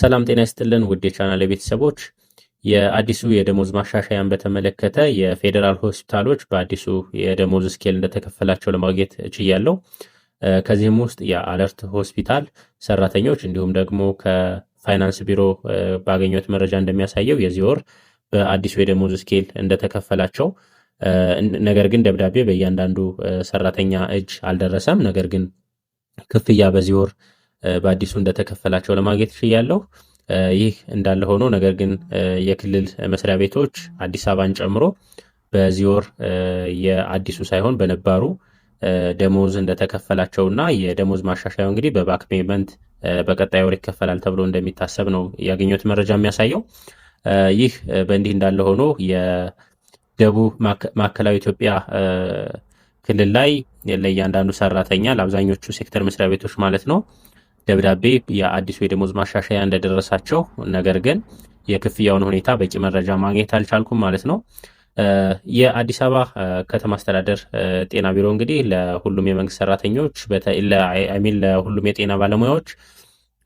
ሰላም ጤና ይስጥልን ውድ የቻናል ቤተሰቦች፣ የአዲሱ የደሞዝ ማሻሻያን በተመለከተ የፌዴራል ሆስፒታሎች በአዲሱ የደሞዝ ስኬል እንደተከፈላቸው ለማግኘት እችያለሁ። ከዚህም ውስጥ የአለርት ሆስፒታል ሰራተኞች እንዲሁም ደግሞ ከፋይናንስ ቢሮ ባገኘሁት መረጃ እንደሚያሳየው የዚህ ወር በአዲሱ የደሞዝ ስኬል እንደተከፈላቸው ነገር ግን ደብዳቤ በእያንዳንዱ ሰራተኛ እጅ አልደረሰም። ነገር ግን ክፍያ በዚህ ወር በአዲሱ እንደተከፈላቸው ለማግኘት ችያለሁ። ይህ እንዳለ ሆኖ ነገር ግን የክልል መስሪያ ቤቶች አዲስ አበባን ጨምሮ በዚህ ወር የአዲሱ ሳይሆን በነባሩ ደሞዝ እንደተከፈላቸው እና የደሞዝ ማሻሻያው እንግዲህ በባክ ፔመንት በቀጣይ ወር ይከፈላል ተብሎ እንደሚታሰብ ነው ያገኘሁት መረጃ የሚያሳየው። ይህ በእንዲህ እንዳለ ሆኖ የደቡብ ማዕከላዊ ኢትዮጵያ ክልል ላይ ለእያንዳንዱ ሰራተኛ ለአብዛኞቹ ሴክተር መስሪያ ቤቶች ማለት ነው ደብዳቤ የአዲሱ የደሞዝ ማሻሻያ እንደደረሳቸው ነገር ግን የክፍያውን ሁኔታ በቂ መረጃ ማግኘት አልቻልኩም ማለት ነው። የአዲስ አበባ ከተማ አስተዳደር ጤና ቢሮ እንግዲህ ለሁሉም የመንግስት ሰራተኞች ሚን ለሁሉም የጤና ባለሙያዎች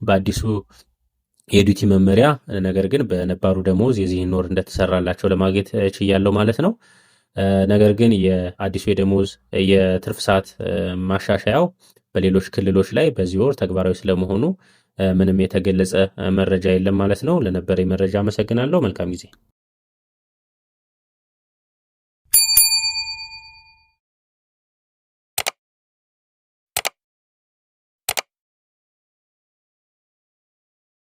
በአዲሱ የዱቲ መመሪያ ነገር ግን በነባሩ ደሞዝ የዚህን ወር እንደተሰራላቸው ለማግኘት ችያለው ማለት ነው። ነገር ግን የአዲሱ የደሞዝ የትርፍ ሰዓት ማሻሻያው በሌሎች ክልሎች ላይ በዚህ ወር ተግባራዊ ስለመሆኑ ምንም የተገለጸ መረጃ የለም ማለት ነው። ለነበረ መረጃ አመሰግናለሁ። መልካም ጊዜ